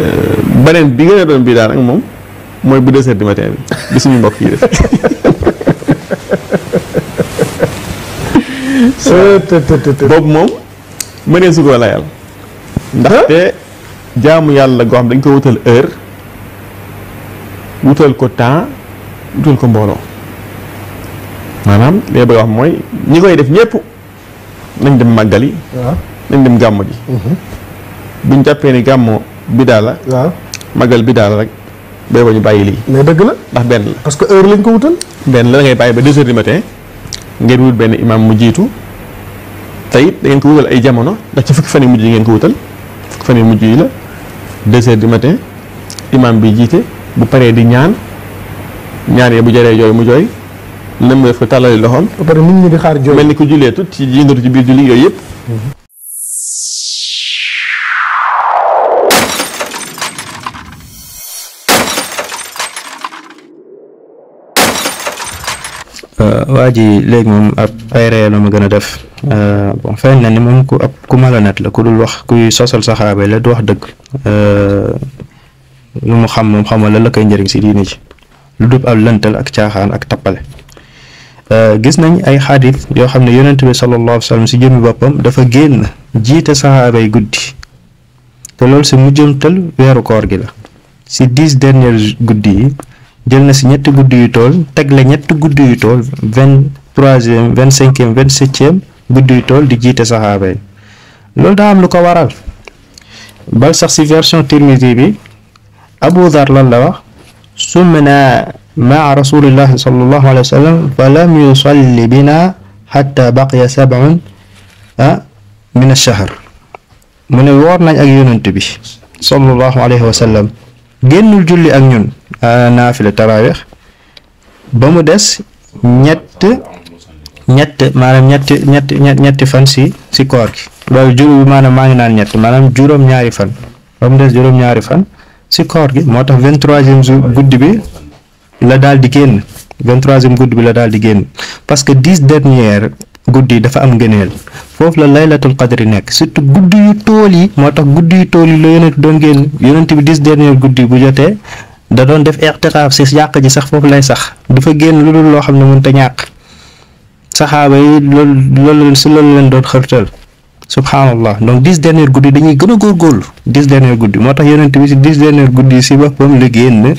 Euh, beneen bi gën a doon bidaa nag moom mooy bu deux heures du matin bi bi suñu mbokk yi def boobu moom mënee su ko layal ndaxte jaamu yàlla goo xam dañ ko wutal heure wutal ko temps wutal ko mbooloo maanaam li ma wax mooy ñi koy def ñëpp nañ dem màggali nañ dem gàmmo ji mm-hmm. buñ jàppee ni gàmmo bidaa waaw magal bidaa la rek bay ba ñu bàyyi lii mais dëgg la ndax benn la parce que heure lañ ko wutal la ngay ba du matin ngeen wut imam mu jiitu te da ngeen ko wutal ay jamono ndax ci fukki fan yi ngeen ko wutal la du matin imam bi jiite bu di ñaan ñaan ya bu jëree jooy mu jooy nam def ko tàllali ba pare nit ñi di xaar Euh, waa ji léegi moom ab ay ree ma gën a def euh, bon feeñ na ni moom ku ab ku malhonnête la ku dul wax kuy sosal saxaaba la du wax dëgg euh, lu mu xam moom xamal la la koy njëriñ si diine ji lu du ab lëntal ak caaxaan ak tappale gis nañ ay xadis yoo xam ne yonent bi sallallahu alayhi wa si jëmmi boppam dafa génn jiite saxaaba yi guddi te loolu si mujjantal weeru koor gi la si dix derniers guddi yi jël na si ñetti guddi yu toll teg la ñetti guddi yu toll vingt troisième vingt cinquième vingt septième gudd yu toll di jiite saxaaba yi loolu daa am lu ko waral ba sax si version Tirmidi bi Abu Dhar lan la wax sumna maa rasulillah sallallahu alayhi wa sallam fa lam yusalli bina xatta baqiya sab'un min ash-shahr mu ne woor nañ ak yonent bi sallallahu alayhi wa sallam génnul julli ak ñun naafila taraweex ba mu dess ñett ñett manam ñett ñett ñett ñett fan si si koor gi loolu juróom manam ma ngi naan ñett manam juróom ñaari fan ba mu des juróom ñaari fan si koor gi motax 23e troisième jour guddi bi la dal di genn 23e guddi bi la dal di genn parce que 10 dernière guddi dafa am ngëneel foofu la laylatul qadri nekk surtout guddi yu toli motax moo guddi yu toli yi la yonent do ngeen yonent bi 10 dernière guddi bu jotee da doon def ixtikaaf si jàq ji sax foofu lay sax dafa génn lu dul loo xam ne mënut a ñàkk saxaaba yi loolu loolu si loolu leen doon xërtal subhaanallah donc dix dernier guddi dañuy gën a góorgóorlu dix dernier guddi moo tax yonent bi si dix dernier guddi si boppam la génn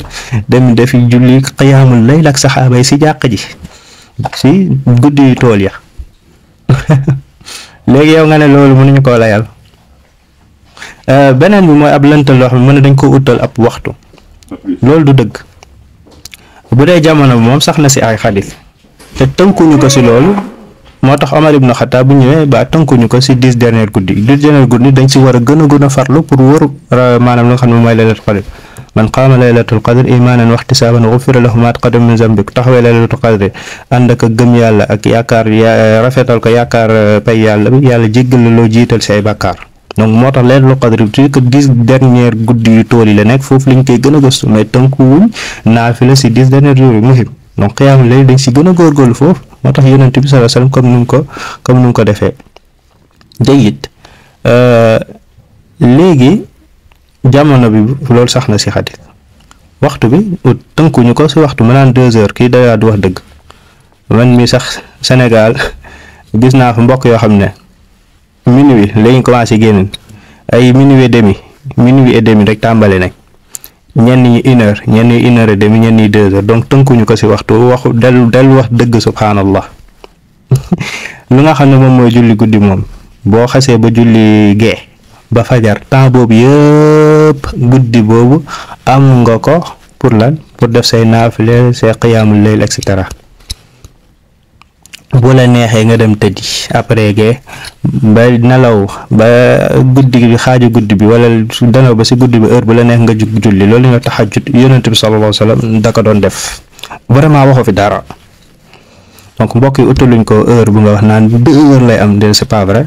dem defi julli qiyaamul layl ak saxaaba yi si jàq ji si guddi tool ya léegi yow nga ne loolu ñu koo layal euh, beneen bi mooy ab lëntal loo xam ne mën ne dañ ko uttal ab waxtu loolu du dëgg bu dee jamono bi moom sax na si ay xadis te tënkuñu ko si loolu moo tax Omar ibn Xattaab bu ñëwee ba tënkuñu ko si dix dernier guddi dix dernier guddi dañ si war a gën a gën a farlu pour wër euh, maanaam li nga xam ne mooy laylatul qadr man qaama laylatul qadr imaanan waxtisaaban gufira lahu maa taqaddama min zambik taxawee laylatul qadr ànd ak gëm yàlla ak yaakaar rafetal ko yaakaar euh, pay yàlla bi yàlla jéggal la loo jiital si ay bàkkaar donc moo tax laylatul qadr bi que dix dernière guddi yu tool yi la nekk foofu lañ koy gën a gëstu mais tënkuwuñ naafila si dix dernière jours yi muhim donc xiyaam layl dañ si gën a góorgóorlu foofu moo tax yonent bi sallallahu alayhi wasallam comme ko comme nu ko defee euh, léegi jamono bi sax na si xadis waxtu bi tënkuñu ko si waxtu mënaan deux heures kii dayaa du wax dëgg man mi sax Sénégal gis naa fa mbokk yoo xam ne minuwi lañ commencé génn ay minuwi demi minuwi et demi rek tambalé nak ñen ñi 1 heure ñen ñi 1 heure demi ñen ñi 2 heure donc ñu ko ci waxtu waxu del del wax deug subhanallah lu nga xamne mom moy julli guddi mom bo xasse ba julli ge ba fajar temps bob yeup guddi boobu am nga ko pour lan pour def say nafile say qiyamul layl et cetera bu la nexé nga dem teddi après gué ba nalaw ba guddi bi xaju guddi bi wala nelaw ba ci guddi bi heure bu la nex nga jug julli lolou ñu tahajjud yaronte bi sallallahu alayhi wasallam da ka doon def vraiment waxo fi dara donc mbokk yi utaluñ ko heure bu nga wax naan deux heure lay am de c'est pas vrai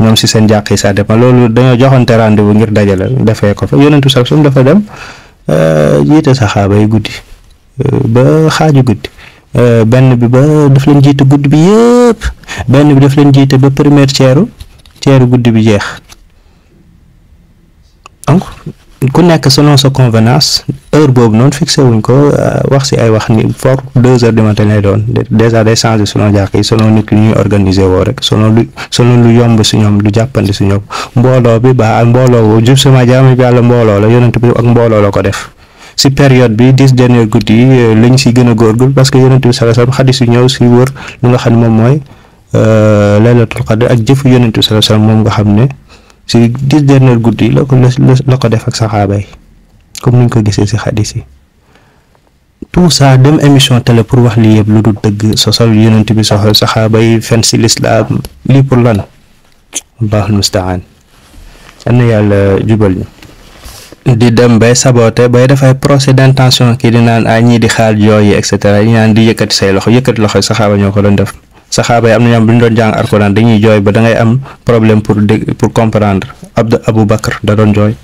ñom ci seen jaxé sa ça dépend loolu dañoo joxante rendez-vous ngir dajale defee ko fa yaronte sallallahu alayhi wasallam dafa dem euh jiite sahaba yi guddi euh, ba xaju guddi Euh, benn bi ba daf leen jiite guddi bi yëpp benn bi daf leen jiite ba première ceeru ceeru guddi bi jeex donc ku nekk selon sa convenance heure boobu noonu fixé ko euh, wax si ay wax ni fort deux heures du matin lay doon déjà day changé selon jàkk yi selon nit ki ñuy organiser woo rek selon lu selon lu yomb si ñoom lu jàppandi si ñoom mbooloo bi ba mbooloo justement jaamu yàlla mbooloo la yonent bi ak mbooloo la ko def ci période bi dix dernier guddi yi euh, lañ ci gëna gorgul parce que yaronte bi sallallahu alayhi wasallam hadith yu ñew ci wër lu nga xamne mom moy euh laylatul qadr ak jëf yonentou sallallahu alayhi wasallam mom nga xamne ci dix dernier guddi la lako la def ak sahaba yi comme niñ ko gisé ci hadith yi tout ça dem émission télé pour wax li yeb ludul deug sosal yaronte bi sosal sahaba yi fen ci l'islam li pour lan allahul musta'an yalla jubal ñu di dem bay saboté bay def ay procès d'intention ki di naan ay ñi di xaal joyi et cetera ñi nan di yëkëti say loxo yëkëti loxo saxaba ñoko doon def saxaba am ñam buñ doon jang alcorane dañuy joy ba da ngay am problème pour pour comprendre abdou abou bakr da doon joy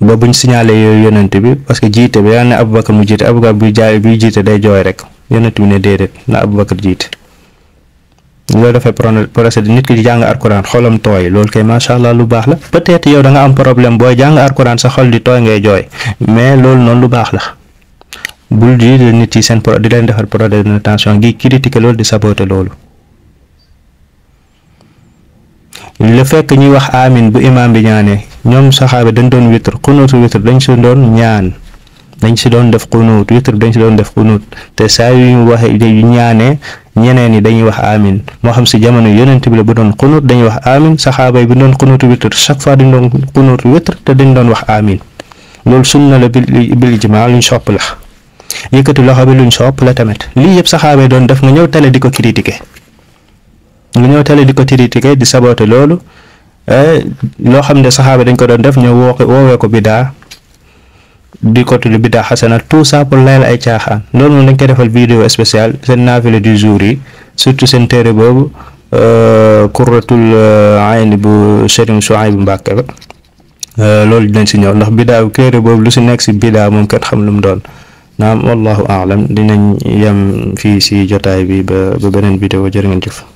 ba buñ signaler yoy yonent bi parce que jité bi ya ne abou bakr mu jité abou bakr bi jaay bi jité day joy rek yonent bi ne dédé na abou bakr jité loolu dafay procédé nit ki di jàng alxuraan xolam tooy loolu kay macha allah lu baax la peut-être yow da nga am problème booy jàng alxuraan sa xol di tooy ngay jooy mais loolu noonu lu baax la bul di nit yi seen pro di leen defal problème de tension gi critiquer loolu di saboter loolu. le fekk ñuy wax amin bu imaam bi ñaanee ñoom bi dañ doon witr xunutu witr dañ si doon ñaan. dañ si doon def xunuut witr dañ si doon def xunuut te saa yu waxe yu ñaanee ñeneen yi dañuy wax amin moo xam si jamono yeneen bi la bu doon xunuut dañuy wax amin saxaaba yi bu doon xunuut witr chaque fois dañ doon xunuut witr te dañ doon wax amin loolu sunna la bil bil ijmaa luñ sopp la yëkkati loxo bi luñ sopp la tamit lii yëpp saxaaba yi doon def nga ñëw tele di ko critiquer nga ñëw tele di ko critiquer di saboter loolu eh, loo xam ne saxaaba dañ ko doon def ñëw woowee ko bidaa di ko tudd biddaa xasana tout ça pour lay la ay caaxaan loolu moom lañ koy defal vidéo spéciale seen naafile du jour yi surtout seen téere boobu kurratul euh, euh, ayni bu Sëriñ Suhaybu Mbàkke ba euh, loolu dinañ si ñëw ndax biddaa téere boobu lu si nekk si biddaa moom kenn xam lu mu doon naam wallahu aalam dinañ yam fii si jotaay bi ba ba beneen vidéo jërë ngeen jëf